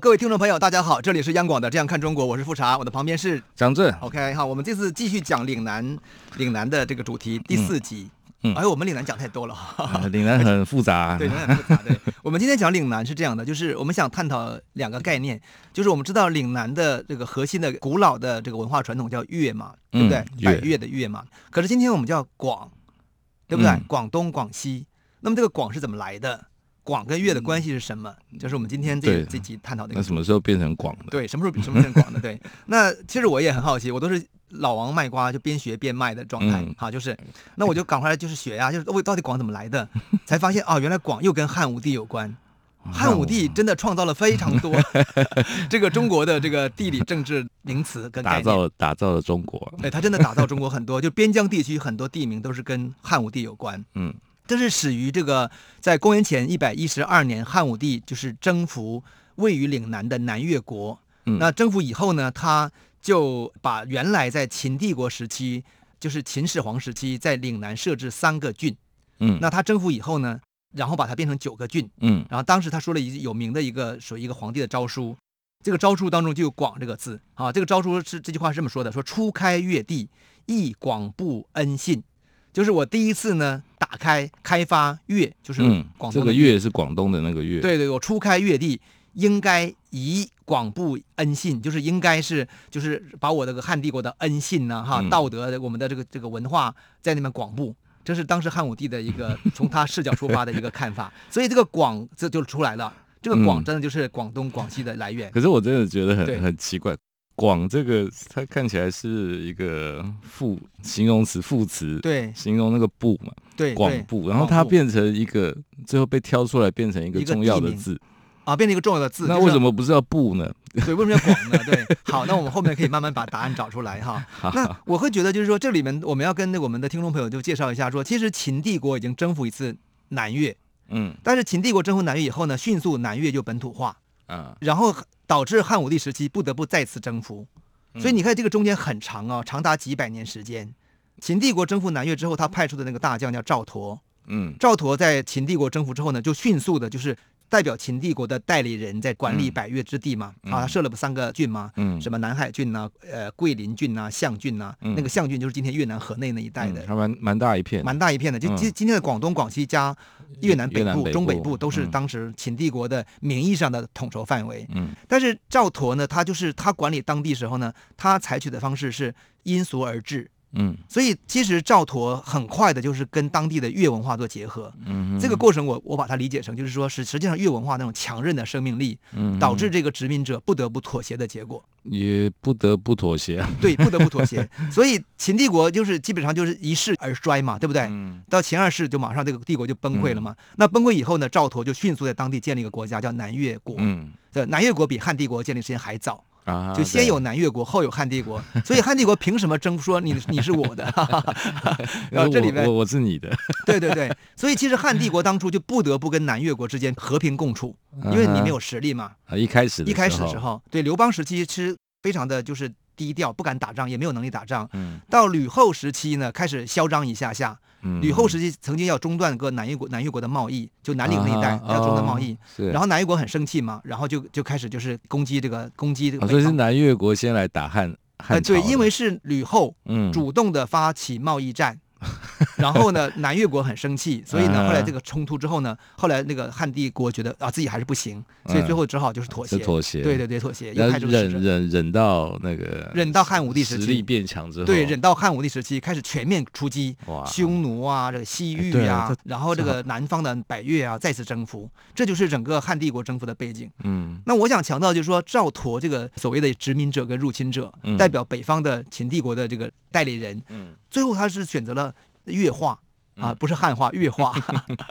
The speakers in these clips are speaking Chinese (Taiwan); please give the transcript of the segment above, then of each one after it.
各位聽眾朋友，大家好，這裡是央廣的《這樣看中國》，我是富察，我的旁邊是張正正 OK，好，我們這次繼續講嶺南，嶺南的這個主題第四集。嗯，嗯哎，我們嶺南講太多了，嗯、嶺南很複，、啊、很，很複雜。對，很複雜。對，我們今天講嶺南是這樣的，就是我們想探討兩個概念，就是我們知道嶺南的這個核心的古老的這個文化傳統叫粵嘛，對不對？嗯、粵百越的越嘛。可是今天我們叫廣，對不對？嗯、廣東、廣西，那麼這個廣是怎麼來的？廣跟越的關係是什麼？嗯、就是我們今天這這集探討的。那什麼時候變成廣的？對，什麼時候什麼時候變成廣的？ 對。那其實我也很好奇，我都是老王賣瓜，就邊學邊賣的狀態哈、嗯。就是，那我就趕快來就是學呀、啊，就是我、哦、到底廣怎麼來的？才發現啊、哦，原來廣又跟漢武帝有關。漢武帝真的創造了非常多這個中國的這個地理政治名詞跟。打造，打造了中國。對，他真的打造中國很多，就邊疆地區很多地名都是跟漢武帝有關。嗯。這是始於這個，在公元前一百一十二年，漢武帝就是征服位於嶺南的南越國。那征服以後呢，他就把原來在秦帝國時期，就是秦始皇時期在嶺南設置三個郡。那他征服以後呢，然後把它變成九個郡。然後當時他說了一有名的一個屬於一個皇帝的詔書，這個詔書當中就有“廣”這個字啊。這個詔書是這句話是這麼說的：說初開越地，亦廣布恩信，就是我第一次呢。打開開發粵，就是廣東，嗯、廣這個粵是廣東的那個粵。對對，我初開粵地，應該以廣布恩信，就是應該是就是把我這個漢帝國的恩信呢，哈，嗯、道德我們的這個這個文化在那邊廣布，這是當時漢武帝的一個從他視角出發的一個看法。 所以這個廣這就出來了，這個廣真的就是廣東、嗯、廣西的來源。可是我真的覺得很對很奇怪。廣這個，它看起來是一個副形容詞、副詞，對，形容那個布嘛，對，對，廣布。然後它變成一個，步最後被挑出來變成一個重要的字啊，變成一個重要的字。那為什麼不是要布呢？對，為什麼要廣呢？對， 好，那我們後面可以慢慢把答案找出來哈。好那我會覺得，就是說這裡面我們要跟我們的聽眾朋友就介紹一下說，說其實秦帝國已經征服一次南越，嗯，但是秦帝國征服南越以後呢，迅速南越就本土化，嗯，然後。導致漢武帝時期不得不再次征服，所以你看這個中間很長啊，長達幾百年時間。秦帝國征服南越之後，他派出的那個大將叫趙佗，嗯，趙佗在秦帝國征服之後呢，就迅速的就是。代表秦帝國的代理人，在管理百越之地嘛，嗯、啊，他設了不三個郡嘛，嗯，什麼南海郡吶、啊，呃，桂林郡吶、啊，象郡吶、啊，嗯、那個象郡就是今天越南河內那一帶的，蠻、嗯、蠻大一片，蠻大一片的，就今今天的廣東、嗯、廣西加越南北部、北部中北部，都是當時秦帝國的名義上的統籌範圍，嗯，但是趙佗呢，他就是他管理當地時候呢，他採取的方式是因俗而治。嗯，所以其實趙佗很快的就是跟當地的越文化做結合。嗯哼，這個過程我我把它理解成就是說是實際上越文化那種強韌的生命力，嗯、哼導致這個殖民者不得不妥協的結果。也不得不妥協。對，不得不妥協。 所以秦帝國就是基本上就是一世而衰嘛，對不對？嗯。到秦二世就馬上這個帝國就崩潰了嘛。嗯、那崩潰以後呢，趙佗就迅速在當地建立一個國家，叫南越國。嗯。這南越國比漢帝國建立時間還早。啊，就先有南越國，啊、後有漢帝國，所以漢帝國憑什麼征服說你 你是我的？然 後、啊、這裡面我我，我是你的， 對對對，所以其實漢帝國當初就不得不跟南越國之間和平共處，因為你沒有實力嘛。啊，一開始一開始的時候，時候對劉邦時期其實非常的，就是。低調，不敢打仗，也沒有能力打仗。嗯，到呂後時期呢，開始囂張一下下。嗯、呂後時期曾經要中斷個南越國，南越國的貿易，就南嶺那一帶、啊、哈要中斷貿易。哦、然後南越國很生氣嘛，然後就就開始就是攻擊這個攻擊這個、啊。所以是南越國先來打漢漢朝、呃、對，因為是呂後嗯主動的發起貿易戰。嗯 然後呢，南越國很生氣，所以呢，後來這個衝突之後呢，後來那個漢帝國覺得啊自己還是不行，所以最後只好就是妥協，嗯、妥協，對對對，妥協。忍忍忍忍到那個忍到漢武帝時期，實力變強之後，對，忍到漢武帝時期開始全面出擊，哇匈奴啊，這個西域啊，然後這個南方的百越啊，再次征服。這就是整個漢帝國征服的背景。嗯，那我想強調就是說，趙佗這個所謂的殖民者跟入侵者，嗯、代表北方的秦帝國的這個。代理人，嗯，最後他是選擇了越化，嗯，啊，不是漢化，越化。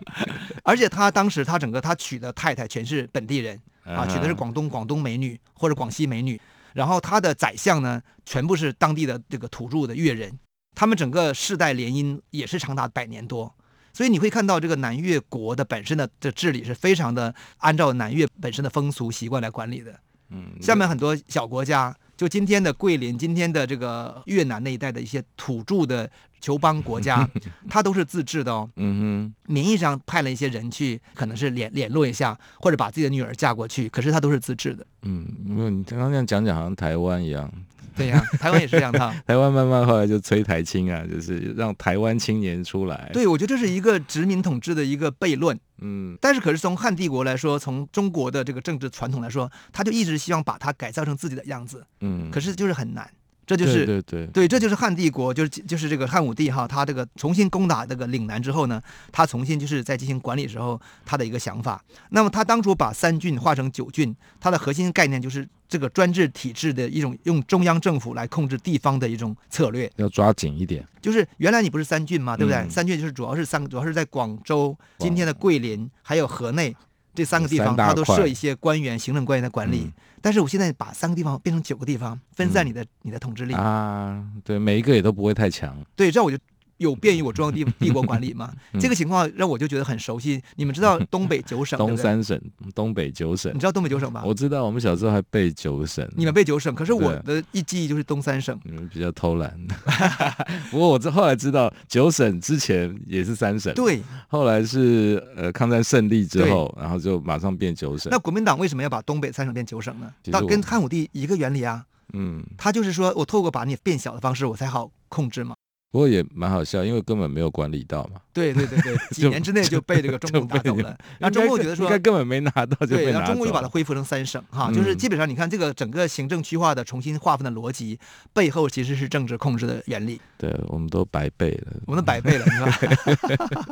而且他當時他整個他娶的太太全是本地人啊，娶的是廣東廣東美女或者廣西美女，然後他的宰相呢，全部是當地的這個土著的越人，他們整個世代聯姻也是長達百年多，所以你會看到這個南越國的本身的這治理是非常的按照南越本身的風俗習慣來管理的，嗯，下面很多小國家。就今天的桂林，今天的這個越南那一帶的一些土著的酋邦國家， 它都是自治的哦。嗯哼，名義上派了一些人去，可能是聯聯絡一下，或者把自己的女兒嫁過去，可是它都是自治的。嗯，沒有你剛剛那樣講講，好像台灣一樣。對呀， 台灣也是這樣的。 台灣慢慢後來就催台青啊，就是讓台灣青年出來。對，我覺得這是一個殖民統治的一個悖論。嗯，但是可是從漢帝國來說，從中國的這個政治傳統來說，他就一直希望把它改造成自己的樣子。嗯，可是就是很難。這就是對，對，對，對，這就是漢帝國，就是就是這個漢武帝哈，他這個重新攻打這個嶺南之後呢，他重新就是在進行管理時候他的一個想法。那麼他當初把三郡劃成九郡，他的核心概念就是這個專制體制的一種，用中央政府來控制地方的一種策略。要抓緊一點，就是原來你不是三郡嘛，對不對？嗯、三郡就是主要是三，主要是在廣州，今天的桂林哇還有河內。這三個地方，他都設一些官員、行政官員的管理。嗯、但是我現在把三個地方變成九個地方，分散你的你的統治力、嗯、啊。對，每一個也都不會太強。對，這樣我就。有便於我中央帝帝國管理嗎？這個情況讓我就覺得很熟悉。你們知道東北九省對不對？東三省，東北九省。你知道東北九省吧？我知道，我們小時候還背九省。你們背九省，可是我的一記憶就是東三省。你們比較偷懶。 不過我後來知道，九省之前也是三省，對，後來是呃抗戰勝利之後，對然後就馬上變九省。那國民黨為什麼要把東北三省變九省呢？那、嗯、跟漢武帝一個原理啊。嗯。他就是說我透過把你變小的方式，我才好控制嘛。不過也蠻好笑，因為根本沒有管理到嘛。 對對對對，幾年之內就被這個中共打走了。然後中共覺得說，應該根本沒拿到就拿，對，然後中共又把它恢復成三省，嗯，哈，就是基本上你看這個整個行政區劃的重新劃分的邏輯背後其實是政治控制的原理。對，我們都白背了，我們都白背了，你知道吧？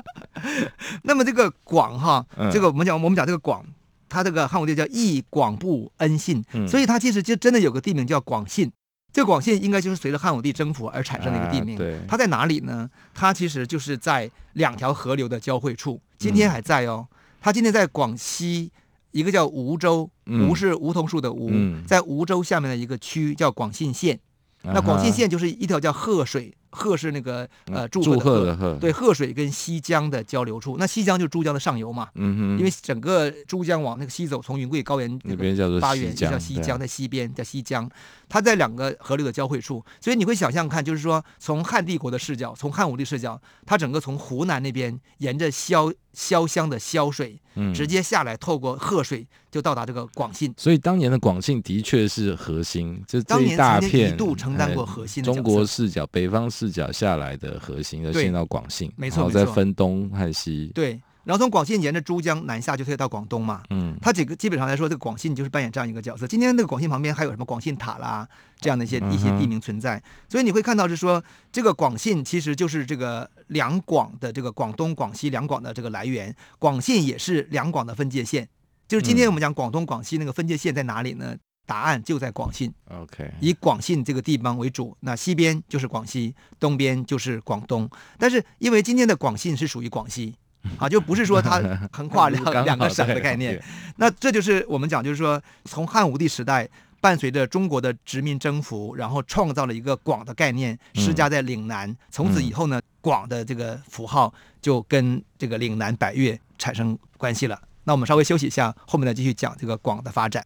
那麼這個廣哈，嗯，這個我們講我們講這個廣，他這個漢武帝叫易廣布恩信，嗯，所以他其實就真的有個地名叫廣信。這個廣信應該就是隨着漢武帝征服而產生的一個地名。啊、對、它在哪裡呢？它其實就是在兩條河流的交匯處，今天還在哦。嗯、它今天在廣西，一個叫梧州，梧是梧桐樹的梧，嗯、在梧州下面的一個區叫廣信縣。啊、哈那廣信縣就是一條叫賀水，賀是那個呃祝賀的賀，對，賀水跟西江的交流處，那西江就是珠江的上游嘛，嗯哼，因為整個珠江往那個西走，從雲貴高原那個那邊叫做發源，就叫西江，啊、在西邊叫西江，它在兩個河流的交匯處，所以你會想象看，就是說，從漢帝國的視角，從漢武帝視角，他整個從湖南那邊沿着瀟瀟湘的瀟水，嗯、直接下來，透過賀水就到達這個廣信，所以當年的廣信的確是核心，就這一大片，一度承擔過核心的中國視角，北方是視角下來的核心，而先到廣信，對沒錯，再分東和錯西，對，然後從廣信沿着珠江南下，就可以到廣東嘛。嗯，它幾個基本上來說，這個廣信就是扮演這樣一個角色。今天那個廣信旁邊還有什麼廣信塔啦，這樣的一些一些地名存在，嗯、哼所以你會看到就是說，這個廣信其實就是這個兩廣的這個廣東、廣西兩廣的這個來源，廣信也是兩廣的分界線。就是今天我們講廣東、廣西那個分界線在哪裡呢？嗯答案就在廣信。OK，以廣信這個地方為主，那西邊就是廣西，東邊就是廣東。但是因為今天的廣信是屬於廣西啊，就不是說它橫跨兩 剛剛好兩個省的概念。那這就是我們講，就是說從漢武帝時代，伴隨着中國的殖民征服，然後創造了一個“廣”的概念，施加在嶺南。嗯、從此以後呢，“廣”的這個符號就跟這個嶺南百越產生關係了。那我們稍微休息一下，後面再繼續講這個“廣”的發展。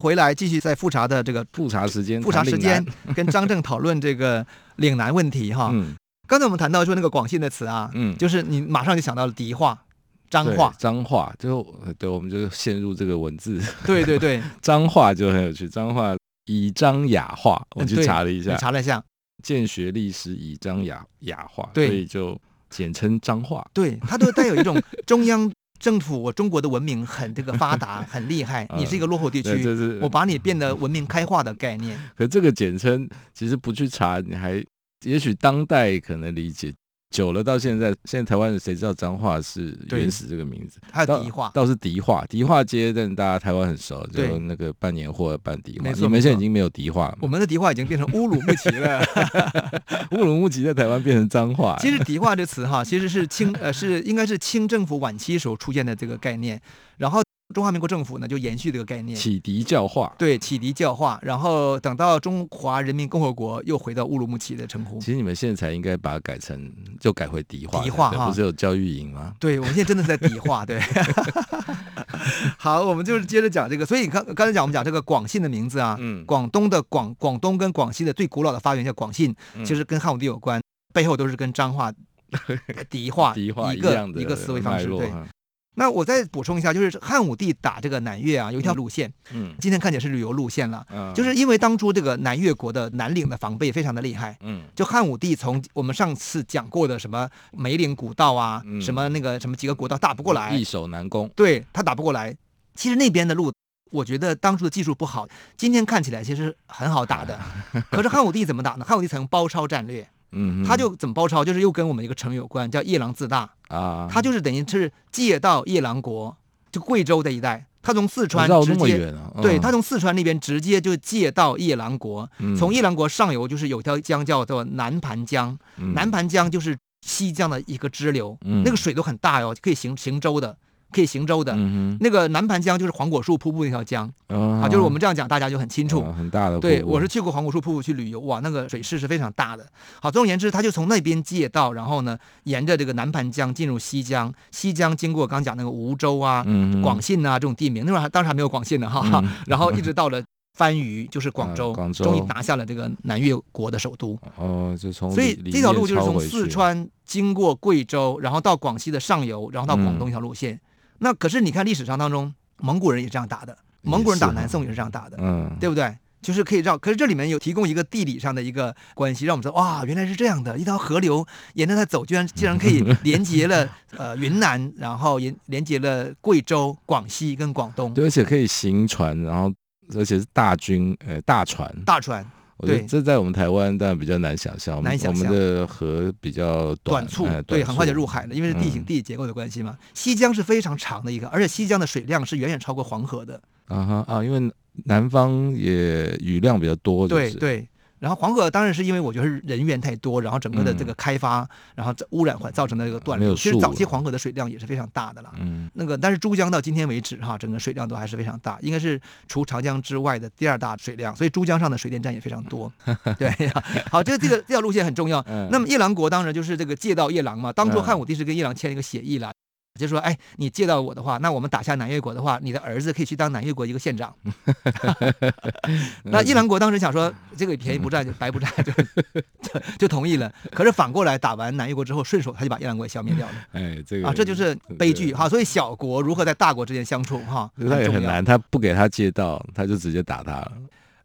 回來繼續在富察的這個富察時間，富察時間嶺 跟張正討論這個嶺南問題哈。嗯、剛才我們談到說那個廣信的詞啊，嗯，就是你馬上就想到了迪化“彰化、嗯”，彰化化，彰化。後，對，我們就陷入這個文字，對對對，彰化就很有趣，彰化以“彰雅化”。我去查了一下，嗯、查了一下，建學歷史以“彰雅雅化”，對所以就簡稱彰化“彰化”。對，它都帶有一種中央。 政府，我中國的文明很這個發達，很厲害。你是一個落後地區，我把你變得文明開化的概念、 嗯。 可這個簡稱，其實不去查，你還也許當代可能理解。久了到現在，現在台灣人誰知道髒話是“原始”這個名字？還有迪化倒，倒是迪化，迪化街，但大家台灣很熟，就對那個辦年貨半迪化。我們現在已經沒有迪化，我們的迪化已經變成烏魯木齊了。烏魯木齊在台灣變成髒話。其實“迪化”這詞哈，其實是清呃，是應該是清政府晚期時候出現的這個概念，然後。中華民國政府呢，就延續這個概念，啟迪教化。對，啟迪教化。然後等到中華人民共和國又回到烏魯木齊的稱呼，嗯。其實你們現在才應該把它改成就改回迪化。迪化，不是有教育營嗎？對，我們現在真的在迪化。 對。 好，我們就是接着講這個。所以你剛剛才講，我們講這個廣信的名字啊，嗯、廣東的廣，廣東跟廣西的最古老的發源叫廣信，嗯、其實跟漢武帝有關，背後都是跟彰化迪化，迪化一個一個思維方式，絡對。那我再補充一下，就是漢武帝打這個南越啊，有一條路線，嗯，嗯今天看起來是旅遊路線了，嗯、就是因為當初這個南越國的南嶺的防備非常的厲害，嗯，就漢武帝從我們上次講過的什麼梅嶺古道啊，嗯、什麼那個什麼幾個國道打不過來，易、嗯、守難攻，對，他打不過來。其實那邊的路，我覺得當初的技術不好，今天看起來其實很好打的。啊、可是漢武帝怎麼打呢？ 漢武帝採用包抄戰略，嗯哼，他就怎麼包抄，就是又跟我們一個成語有關，叫夜郎自大。啊，他就是等於是借道夜郎國，就貴州這一帶，他從四川直接，啊嗯、對，他從四川那邊直接就借道夜郎國，從夜郎國上游就是有一條江叫做南盤江，嗯、南盤江就是西江的一個支流，嗯、那個水都很大喲、哦，可以行行舟的。可以行舟的，嗯、哼那個南盤江就是黃果樹瀑布那條江，好、哦啊，就是我們這樣講，大家就很清楚。哦、很大的瀑布。對，我是去過黃果樹瀑布去旅遊，哇，那個水勢是非常大的。好，總而言之，他就從那邊借道，然後呢，沿着這個南盤江進入西江，西江經過我剛講那個梧州啊、嗯、哼廣信啊這種地名，那時候還當時還沒有廣信呢哈，哈，嗯、然後一直到了番禺，就是廣州，嗯、終於拿下了這個南越國的首都。哦、呃，就從所以這條路就是從四川去經過貴州，然後到廣西的上游，然後到廣東一條路線。嗯那可是你看歷史上當中，蒙古人也是這樣打的，蒙古人打南宋也是這樣打的，啊、嗯，對不對？就是可以繞，可是這裡面有提供一個地理上的一個關係，讓我們說，哇，原來是這樣的一條河流沿着它走，居然竟然可以連接了 呃雲南，然後連連接了貴州、廣西跟廣東，對，而且可以行船，然後而且是大軍呃大船大船。大船我覺得這在我們台灣當然比較難想象，我們，我們的河比較短，短促，對，很快就入海了，因為是地形地形結構的關係嘛。嗯，西江是非常長的一個，而且西江的水量是遠遠超過黃河的。啊哈啊，因為南方也雨量比較多，就是。對，對對。然後黃河當然是因為我覺得是人員太多，然後整個的這個開發，嗯、然後污染環造成的這個斷流了，其實早期黃河的水量也是非常大的了。嗯，那個但是珠江到今天為止哈，整個水量都還是非常大，應該是除長江之外的第二大水量，所以珠江上的水電站也非常多。 對、啊，好，這個這個這條路線很重要。嗯、那麼夜郎國當然就是這個借道夜郎嘛，當初漢武帝是跟夜郎簽一個協議來。嗯就是說：“哎，你借道我的話，那我們打下南越國的話，你的兒子可以去當南越國一個縣長。 ”那夜郎國當時想說：“這個便宜不占就白不占，就就同意了。”可是反過來，打完南越國之後，順手他就把夜郎國消滅掉了。哎，這個啊，這就是悲劇對哈。所以，小國如何在大國之間相處哈，那也很難。很他不給他借道，他就直接打他了，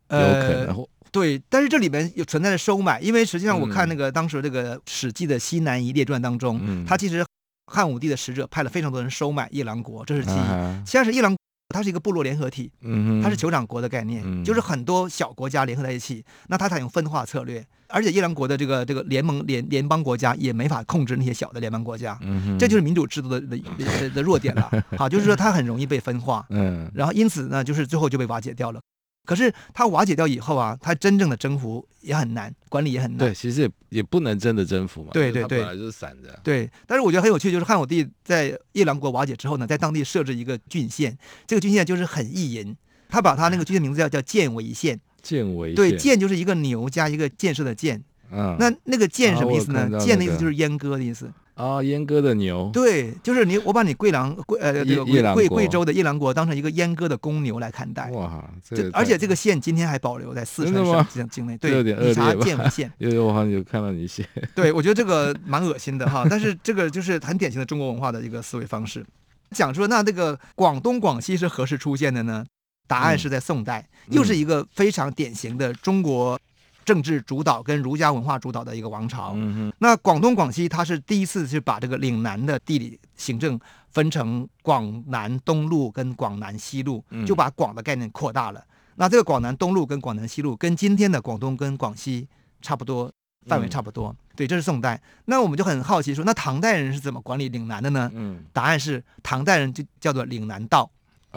有可能、呃。對，但是這裡面有存在着收買，因為實際上我看那個、嗯、當時這個《史記》的《西南夷列傳》當中，他、嗯、其實。漢武帝的使者派了非常多人收買夜郎國，這是其一。其二、啊、是夜郎它是一個部落聯合體，嗯、哼它是酋長國的概念，嗯、就是很多小國家聯合在一起。那它採用分化策略，而且夜郎國的這個這個聯盟聯聯邦國家也沒法控制那些小的聯邦國家，嗯、哼這就是民主制度的的、的弱點了。好，就是說它很容易被分化，嗯、然後因此呢，就是最後就被瓦解掉了。可是他瓦解掉以後啊，他真正的征服也很難，管理也很難。對，其實也也不能真的征服嘛。對對對，本來就是散着。對，但是我覺得很有趣，就是漢武帝在夜郎國瓦解之後呢，在當地設置一個郡縣，這個郡縣就是很意淫，他把他那個郡縣名字叫叫犍為縣。犍為。對，犍就是一個牛加一個建設的建。啊、嗯。那那個犍什麼意思呢？犍、這個、的意思就是閹割的意思。啊，哦、閹割的牛。對，就是你，我把你貴蘭，貴呃貴貴、這個、貴州的夜郎國當成一個閹割的公牛來看待。哇，這而且這個縣今天還保留在四川省境境內，對，以茶建縣。因為我好像有看到你寫。對，我覺得這個蠻噁心的哈，但是這個就是很典型的中國文化的一個思維方式。 講說，那這個廣東廣西是何時出現的呢？答案是在宋代，嗯嗯、又是一個非常典型的中國。政治主導跟儒家文化主導的一個王朝，嗯、哼那廣東廣西它是第一次去把這個嶺南的地理行政分成廣南東路跟廣南西路，嗯、就把廣的概念擴大了。那這個廣南東路跟廣南西路跟今天的廣東跟廣西差不多範圍差不多。嗯、對，這是宋代。那我們就很好奇說，那唐代人是怎麼管理嶺南的呢？嗯、答案是唐代人就叫做嶺南道。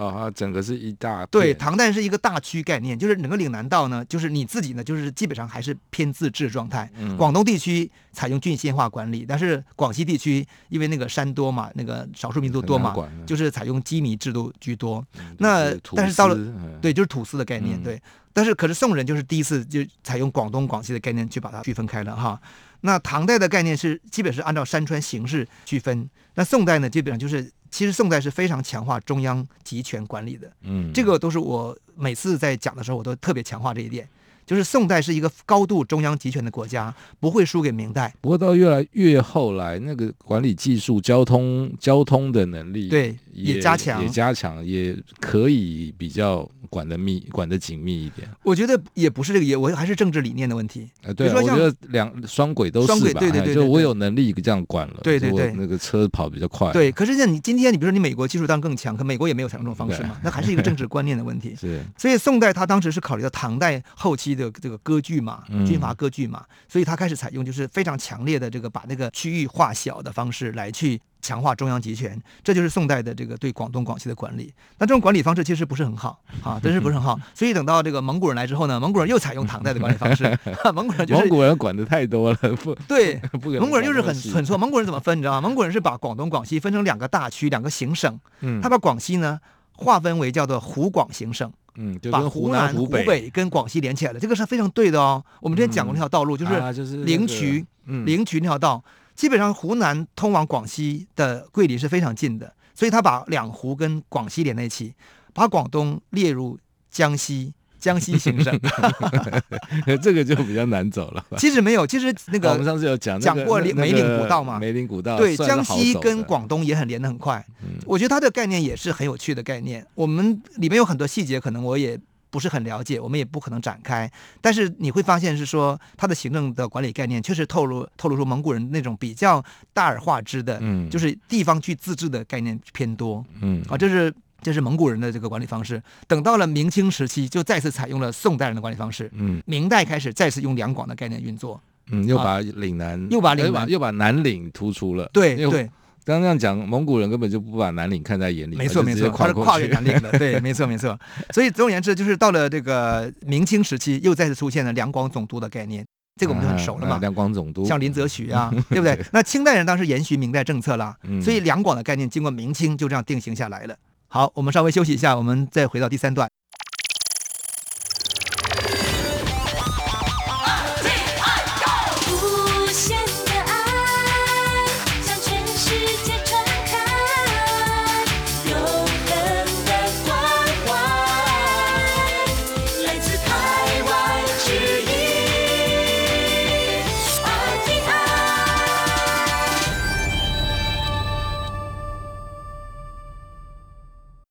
啊、哦、整個是一大對，唐代是一個大區概念，就是整個嶺南道呢，就是你自己呢，就是基本上還是偏自治狀態。嗯、廣東地區採用郡縣化管理，但是廣西地區因為那個山多嘛，那個少數民族多嘛，就是採用羈縻制度居多。嗯、那是但是到了對，就是土司的概念，嗯、對。但是可是宋人就是第一次就採用廣東廣西的概念去把它區分開了哈。那唐代的概念是基本是按照山川形勢區分，那宋代呢基本上就是。其實宋代是非常強化中央集權管理的，嗯，這個都是我每次在講的時候，我都特別強化這一點。就是宋代是一個高度中央集權的國家，不會輸給明代。不過到越來越後來，那個管理技術、交通、交通的能力也對也加強，也加強，也可以比較管得密、管得緊密一點。我覺得也不是這個，也我還是政治理念的問題。啊、對。比如說，我覺得兩雙軌都是吧，對對對，就我有能力這樣管了，對對對，那個車跑比較快、啊。對，可是像你今天，你比如說你美國技術當更強，可美國也沒有採用這種方式嘛。對那還是一個政治觀念的問題。 是，所以宋代他當時是考慮到唐代後期。這個這個割據嘛，軍閥割據嘛，嗯、所以他開始採用就是非常強烈的這個把那個區域化小的方式來去強化中央集權，這就是宋代的這個對廣東廣西的管理。那這種管理方式其實不是很好啊，真是不是很好。嗯、所以等到這個蒙古人來之後呢，蒙古人又採用唐代的管理方式。蒙古人就是蒙古人管得太多了，對、啊，蒙古人就是很很錯。蒙古人怎麼分你知道嗎？蒙古人是把廣東廣西分成兩個大區，兩個行省。嗯、他把廣西呢劃分為叫做湖廣行省。嗯，就湖把湖南、湖北，湖北跟廣西連起來了，這個是非常對的哦。嗯、我們之前講過那條道路，嗯、就是靈渠、啊就是這個，嗯，靈渠那條道，基本上湖南通往廣西的桂林是非常近的，所以他把兩湖跟廣西連在一起，把廣東列入江西，江西行省， 這個就比較難走了。其實沒有，其實那個我們上次有講、那、個、講過梅嶺古道嘛。梅嶺古道對江西跟廣東也很連的很快。我覺得它的概念也是很有趣的概念。嗯、我們裡面有很多細節，可能我也不是很了解，我們也不可能展開。但是你會發現是說，它的行政的管理概念確實透露透露出蒙古人那種比較大而化之的，嗯、就是地方去自治的概念偏多。嗯啊，就是。這是蒙古人的這個管理方式。等到了明清時期，就再次採用了宋代人的管理方式。嗯，明代開始再次用兩廣的概念運作。嗯，又把嶺南，又把嶺南，又把南嶺突出了。對對，剛剛這樣講，蒙古人根本就不把南嶺看在眼裡。沒錯沒錯，他是跨越南嶺的。對，沒錯沒錯。所以總而言之，就是到了這個明清時期，又再次出現了兩廣總督的概念。這個我們就很熟了嘛。兩廣總督，像林則徐啊，對不對？那清代人當時延續明代政策啦，所以兩廣的概念經過明清就這樣定型下來了。好，我們稍微休息一下，我們再回到第三段。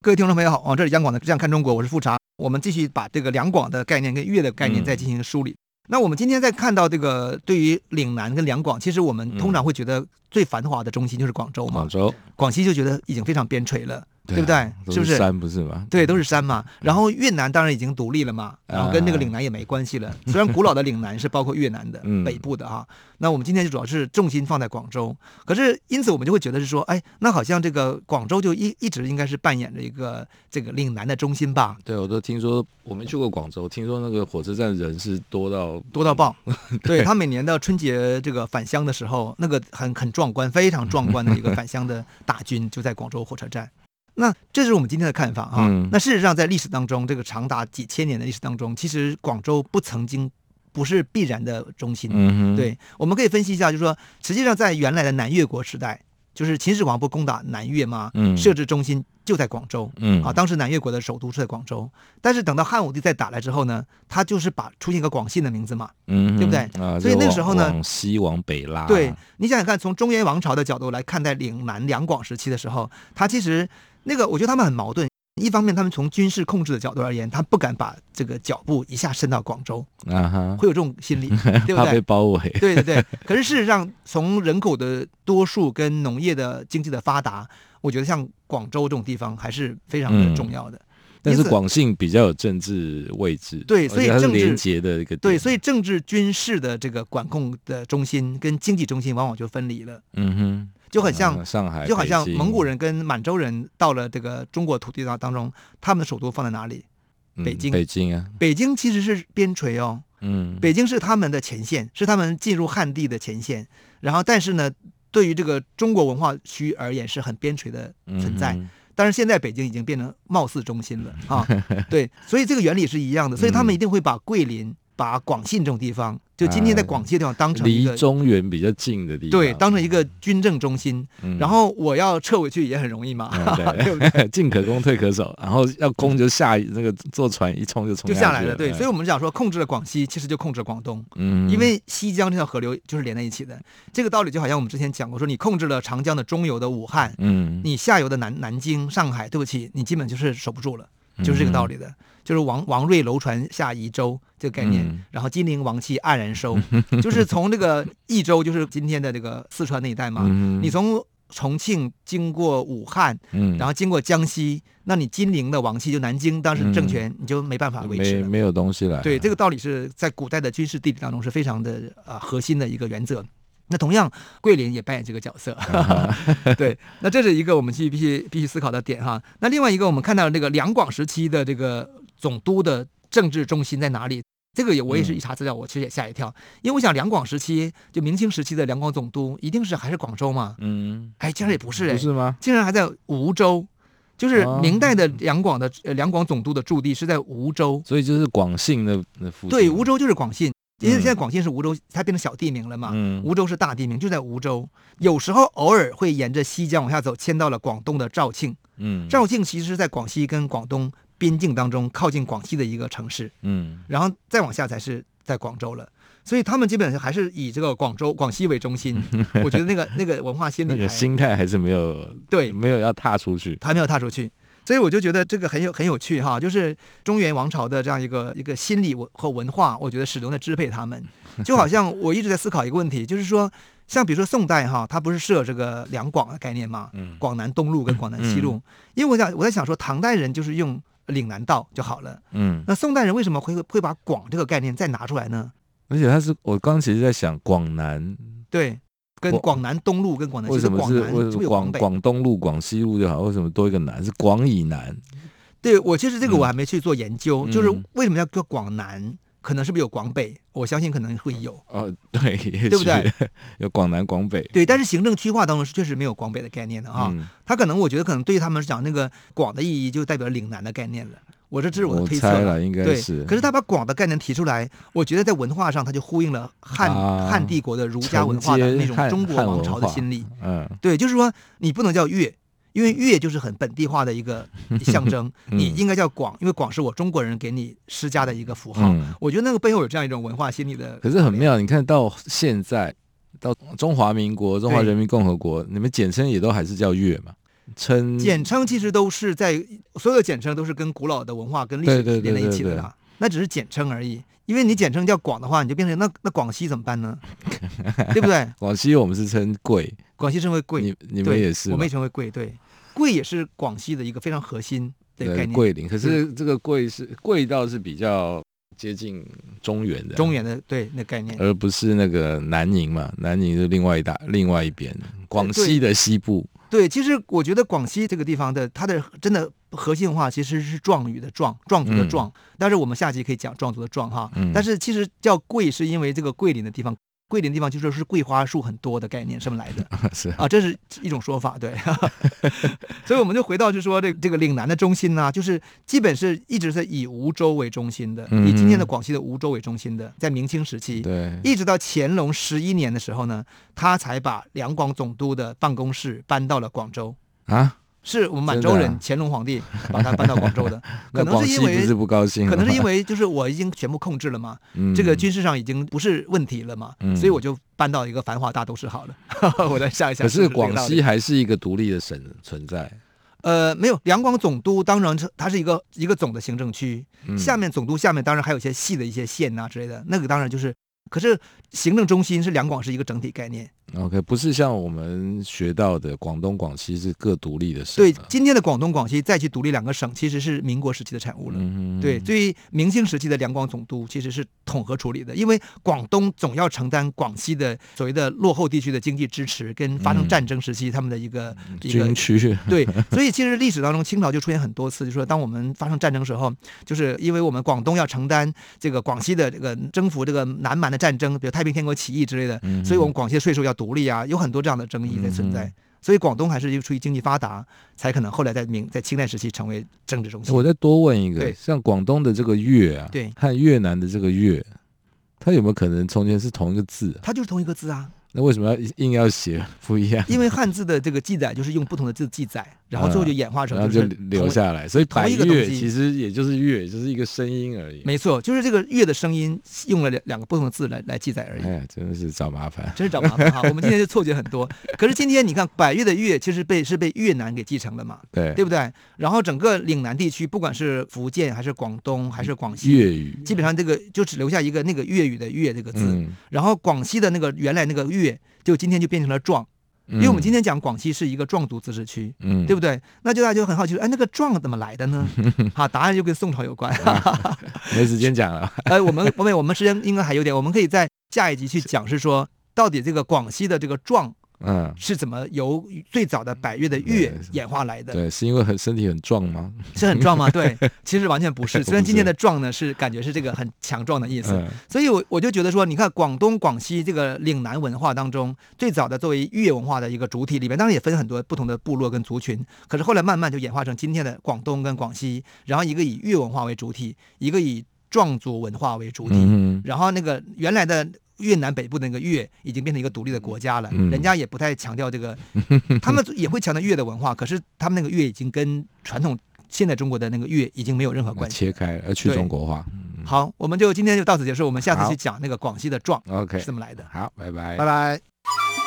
各位聽眾朋友好，哦、這裡是央廣的《這樣看中國》，我是富察。我們繼續把這個兩廣的概念跟粵的概念再進行梳理。嗯、那我們今天在看到這個對於嶺南跟兩廣，其實我們通常會覺得。最繁華的中心就是廣州嘛，廣州廣西就覺得已經非常邊陲了，對,啊、對不對？是不是？都是山不是嗎？對，都是山嘛。然後越南當然已經獨立了嘛，哎哎哎然後跟那個嶺南也沒關係了。雖然古老的嶺南是包括越南的、嗯、北部的哈。那我們今天就主要是重心放在廣州。可是因此我們就會覺得是說，哎，那好像這個廣州就一一直應該是扮演着一個這個嶺南的中心吧？對，我都聽說，我沒去過廣州，聽說那個火車站人是多到多到爆。對,對他每年到春節這個返鄉的時候，那個很很。壯觀，非常壯觀的一個返鄉的大軍 就在廣州火車站。那這是我們今天的看法啊。嗯、那事實上，在歷史當中，這個長達幾千年的歷史當中，其實廣州不曾經不是必然的中心。嗯、哼對，我們可以分析一下，就是說，實際上在原來的南越國時代。就是秦始皇不攻打南越嘛，設置中心就在廣州。嗯，啊，當時南越國的首都是在廣州，嗯、但是等到漢武帝再打來之後呢，他就是把出現一個廣信的名字嘛，嗯、哼對不對？啊，所以那個時候呢，往西往北拉、啊。對，你想想看，從中原王朝的角度來看待嶺南兩廣時期的時候，他其實那個，我覺得他們很矛盾。一方面，他們從軍事控制的角度而言，他不敢把這個腳步一下伸到廣州啊哈，會有這種心理，對不對？他被包圍，對對對。 可是，事實上，從人口的多數跟農業的經濟的發達，我覺得像廣州這種地方還是非常的重要的。嗯、但是，廣信比較有政治位置，對，所以政治聯結的一個，對，所以政治軍事的這個管控的中心跟經濟中心往往就分離了。嗯哼。就很像，嗯、就好像蒙古人跟滿洲人到了這個中國土地上當中，嗯、他們的首都放在哪裡？北京。北京啊，北京其實是邊陲哦。嗯，北京是他們的前線，是他們進入漢地的前線。然後，但是呢，對於這個中國文化區而言，是很邊陲的存在。嗯、哼但是現在北京已經變成貌似中心了啊。 對，所以這個原理是一樣的。所以他們一定會把桂林。嗯把廣信這種地方，就今天在廣西的地方當成離中原比較近的地方，對，當成一個軍政中心。嗯、然後我要撤回去也很容易嘛，嗯、對，對 對，對，進可攻，退可守。然後要攻就下對那個坐船一衝就衝下就下來了，對。對，所以，我們想說，控制了廣西，其實就控制了廣東，嗯、因為西江這條河流就是連在一起的。這個道理就好像我們之前講過，說你控制了長江的中游的武漢，嗯、你下游的南南京、上海，對不起，你基本就是守不住了，就是這個道理的。嗯嗯就是王王瑞樓船下益州這個概念，嗯、然後金陵王氣黯然收。 就是從這個益州，就是今天的這個四川那一帶嘛。嗯、你從重慶經過武漢，嗯、然後經過江西，那你金陵的王氣就南京當時政權、嗯、你就沒辦法維持沒，沒有東西了、啊。對，這個道理是在古代的軍事地理當中是非常的啊、呃、核心的一個原則。那同樣桂林也扮演這個角色， 對。那這是一個我們去必須必須思考的點哈。那另外一個我們看到了這個兩廣時期的這個。總督的政治中心在哪裡？這個也，我也是一查資料，嗯、我其實也嚇一跳。因為我想兩廣時期，就明清時期的兩廣總督一定是還是廣州嘛。嗯，哎，竟然也不是哎、欸，不是嗎？竟然還在梧州，就是明代的兩廣的兩廣、呃、總督的駐地是在梧州，所以就是廣信的附近。對，梧州就是廣信。因為現在廣西是梧州，它變成小地名了嘛。嗯，梧州是大地名，就在梧州。有時候偶爾會沿着西江往下走，遷到了廣東的肇慶。嗯，肇慶其實是在廣西跟廣東邊境當中，靠近廣西的一個城市。嗯，然後再往下才是在廣州了。所以他們基本上還是以這個廣州、廣西為中心。我覺得那個那個文化心理， 那個心態還是沒有，對，沒有要踏出去，還沒有踏出去。所以我就覺得這個很有很有趣哈，就是中原王朝的這樣一個一個心理和文化，我覺得始終在支配他們。就好像我一直在思考一個問題， 就是說，像比如說宋代哈，它不是設這個兩廣的概念嘛？嗯。廣南東路跟廣南西路。嗯嗯。因為我想我在想說，唐代人就是用嶺南道就好了。嗯。那宋代人為什麼會會把廣這個概念再拿出來呢？而且他是我剛其實，在想廣南。對。跟廣南東路我跟廣南西路，為什麼是廣廣廣東路、廣西路就好？為什麼多一個南？是廣以南？對，我其實這個我還沒去做研究，嗯、就是為什麼要叫廣南？嗯、可能是不是有廣北？我相信可能會有。哦，對，對不對？有廣南廣北。對，但是行政區劃當中是確實沒有廣北的概念的啊。嗯、他可能我覺得可能對他們講那個廣的意義就代表嶺南的概念了。我這只是我的推測，應該是對。可是他把“廣”的概念提出來，我覺得在文化上他就呼應了漢、啊、漢帝國的儒家文化的那種中國王朝的心理。嗯，對，就是說你不能叫“粵”，因為“粵”就是很本地化的一個象徵。 嗯、你應該叫“廣”，因為“廣”是我中國人給你施加的一個符號。嗯、我覺得那個背後有這樣一種文化心理的。可是很妙，你看到現在到中華民國、中華人民共和國，對你們簡稱也都還是叫“粵”嘛？稱稱 簡稱其實都是在，所有簡稱都是跟古老的文化跟歷史連在一起的，那只是簡稱而已。因為你簡稱叫廣的話，你就變成那那廣西怎麼辦呢？對不對？廣西我們是稱桂，廣西稱為桂，你對 你們也是，我們也稱為桂。對，桂也是廣西的一個非常核心的概念，桂林。可是這個桂是桂，倒是比較接近中原的，中原的對那概念，而不是那個南寧嘛？南寧是另外一大、另外一邊，廣西的西部。對對，其實我覺得廣西這個地方的它的真的核心文化其實是壯語的壯，壯族的壯。嗯、但是我們下集可以講壯族的壯哈。嗯、但是其實叫桂是因為這個桂林的地方。桂林的地方就說是桂花樹很多的概念，什麼來的？是啊，這是一種說法，對。 所以我們就回到，就說這這個嶺南的中心呢、啊，就是基本是一直是以梧州為中心的，以今天的廣西的梧州為中心的。在明清時期，對，一直到乾隆十一年的時候呢，他才把兩廣總督的辦公室搬到了廣州啊。是我們滿洲人，乾隆皇帝把他搬到廣州的，可能，真的啊， 是因為可能是因為就是我已經全部控制了嘛，嗯、這個軍事上已經不是問題了嘛，嗯、所以我就搬到一個繁華大都市好了。 我再想一想。可是廣西還是一個獨立的省存在？呃，沒有，兩廣總督當然是它是一個一個總的行政區，嗯、下面總督下面當然還有一些細的一些縣啊之類的，那個當然就是。可是行政中心是兩廣是一個整體概念。OK，不是像我們學到的，廣東廣西是各獨立的省。對，今天的廣東廣西再去獨立兩個省，其實是民國時期的產物了。嗯、哼對，所以明清時期的兩廣總督其實是統合處理的，因為廣東總要承擔廣西的所謂的落後地區的經濟支持，跟發生戰爭時期他們的一個居民、嗯、個區。對，所以其實歷史當中，清朝就出現很多次，就是、說當我們發生戰爭時候，就是因為我們廣東要承擔這個廣西的這個征服這個南蠻的戰爭，比如太平天國起義之類的，嗯、哼所以我們廣西的稅收要。獨立啊，有很多這樣的爭議在存在，嗯、哼所以廣東還是又處於經濟發達，才可能後來在明在清代時期成為政治中心。我再多問一個，對，像廣東的這個粵啊，對，和越南的這個越，它有沒有可能從前是同一個字？它就是同一個字啊，那為什麼要硬要寫不一樣？因為漢字的這個記載就是用不同的字記載。 然後最後就演化成，嗯，然後就留下來。頭所以同一個東西，其實也就是粵，就是，粵就是一個聲音而已。沒錯，就是這個粵的聲音用了兩兩個不同的字來來記載而已，哎。真的是找麻煩，真是找麻煩啊！ 我們今天就錯覺很多。 可是今天你看，百越的越其實被是被越南給繼承了嘛？對，對不對？然後整個嶺南地區，不管是福建還是廣東還是廣西，粵語雨基本上這個就只留下一個那個粵語的粵這個字。嗯、然後廣西的那個原來那個越，就今天就變成了壯。因為我們今天講廣西是一個壯族自治區，嗯，對不對？那就大家就很好奇說，哎，那個壯怎麼來的呢？好，啊，答案就跟宋朝有關。嗯啊，沒時間講了， 哎，我們我們我們時間應該還有點，我們可以在下一集去講，是說到底這個廣西的這個壯。嗯，是怎麼由最早的百越的越演化來的？對，對，對，是因為很身體很壯嗎？是很壯嗎？對， 其實完全不是。雖然今天的壯呢，是感覺是這個很強壯的意思。嗯，所以，我我就覺得說，你看廣東、廣西這個嶺南文化當中，最早的作為越文化的一個主體，裡面當然也分很多不同的部落跟族群。可是後來慢慢就演化成今天的廣東跟廣西，然後一個以越文化為主體，一個以壯族文化為主體。嗯，然後那個原來的。越南北部的那個越已經變成一個獨立的國家了，人家也不太強調這個，他們也會強調越的文化，可是他們那個越已經跟傳統現在中國的那個越已經沒有任何關係，切開而去中國化。好，我們就今天就到此結束，我們下次去講那個廣西的壯，OK，是怎麼來的。好，拜拜，拜拜。